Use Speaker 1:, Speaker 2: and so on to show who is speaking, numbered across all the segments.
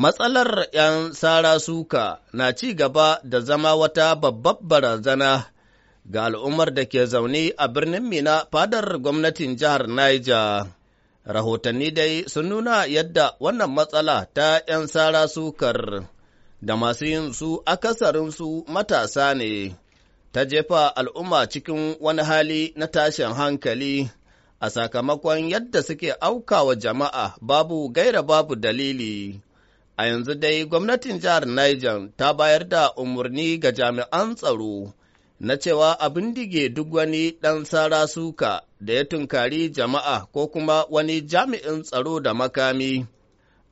Speaker 1: Matsalar ‘yan sara suka na ci gaba da zama wata babbar barazana ga al'ummar da ke zaune a birnin Mina fadar gwamnatin jihar Niger. Rahotanni dai sun nuna yadda wannan matsala ta ‘yan sara sukar da masu yin su su matasa ne, ta jefa al'umma cikin wani hali na tashin hankali a sakamakon yadda suke auka wa jama'a babu gaira babu dalili. A yanzu dai gwamnatin jihar Niger ta bayar da umarni ga jami'an tsaro na cewa a bindige duk wani ɗan sara suka da ya tunkari jama'a ko kuma wani jami'in tsaro da makami.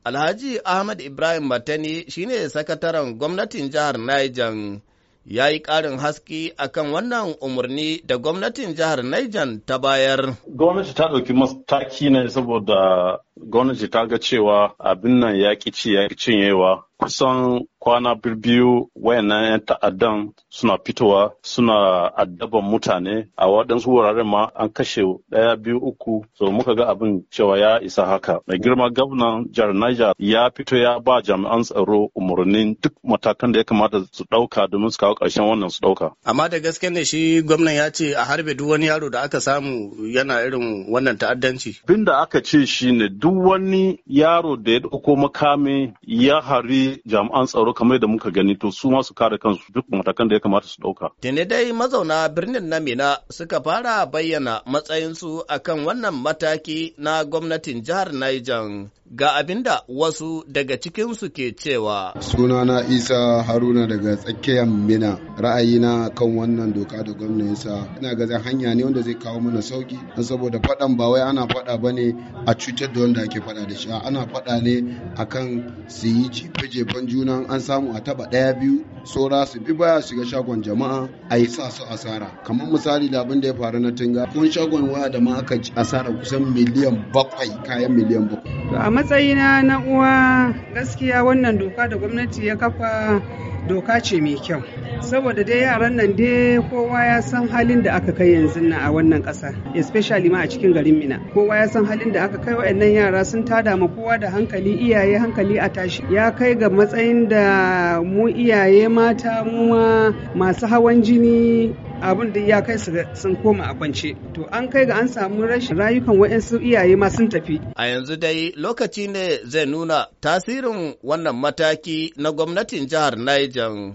Speaker 1: Alhaji Ahmad Ibrahim Matani shine sakataren gwamnatin jihar Niger. ya yi ƙarin haske akan wannan umarni da gwamnatin jihar Niger ta bayar. Gwamnati ta
Speaker 2: ɗauki mataki ne saboda gwamnati ta ga cewa abin nan ya ƙi ci ya ƙi cinyewa kusan kwana biyu wayannan 'yan ta'addan suna fitowa suna addaban mutane a waɗansu wuraren ma an kashe ɗaya biyu uku so muka ga abin cewa ya isa haka mai girma gwamnan jihar Niger ya fito ya ba jami'an tsaro umarnin duk matakan da ya kamata su ɗauka domin su kawo ƙarshen wannan su ɗauka.
Speaker 1: Amma da gaske ne shi gwamnan ya ce a harbe duk wani yaro da aka samu yana irin wannan ta'addanci.
Speaker 2: Bin da aka ce shi ne duk wani yaro da ya ɗauko makami ya hari jami'an tsaro tsaro kamar da muka gani to su ma su kare kansu duk matakan da ya kamata su ɗauka.
Speaker 1: Tuni dai mazauna birnin na Mina suka fara bayyana matsayinsu akan wannan mataki na gwamnatin jihar Niger. Ga abinda wasu daga cikinsu ke cewa.
Speaker 3: Sunana Isa Haruna daga tsakiyar Mina ra'ayina kan wannan doka da gwamna sa ina ga hanya ne wanda zai kawo mana sauki don saboda faɗan ba wai ana faɗa ba ne a cutar da wanda ake faɗa da shi ana faɗa ne akan su yi jefe-jefen juna an samu a taba ɗaya biyu sora su bi baya shiga shagon jama'a a yi sa su asara kamar misali da abin da ya faru na tinga kun shagon waya da ma aka asara kusan miliyan bakwai kayan miliyan bakwai. a
Speaker 4: matsayina na uwa gaskiya wannan doka da gwamnati ya kafa doka ce mai kyau saboda dai yaran nan dai kowa ya san halin da aka kai yanzu na a wannan ƙasa especially ma a cikin garin mina kowa ya san halin da aka kai waɗannan yara sun tada ma kowa da hankali iyaye hankali a tashi ya kai ga matsayin da mu iyaye mata mu ma masu hawan jini abin da ya kai su sun koma a kwance to an kai ga an samu rashin rayukan waɗansu iyaye ma sun tafi
Speaker 1: a yanzu dai lokaci ne zai nuna tasirin wannan mataki na gwamnatin jihar Niger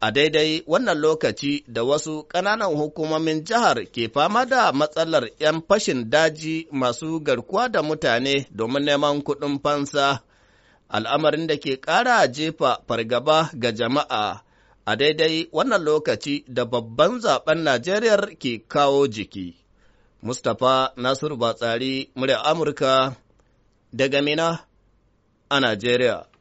Speaker 1: a daidai wannan lokaci da wasu ƙananan hukumomin jihar ke fama da matsalar 'yan fashin daji masu garkuwa da mutane domin neman kuɗin fansa al'amarin da ke ƙara jefa fargaba ga jama'a a daidai wannan lokaci da babban zaben Najeriya ke kawo jiki. Mustapha Nasiru Batsari, murya Amurka, daga Mina a Najeriya.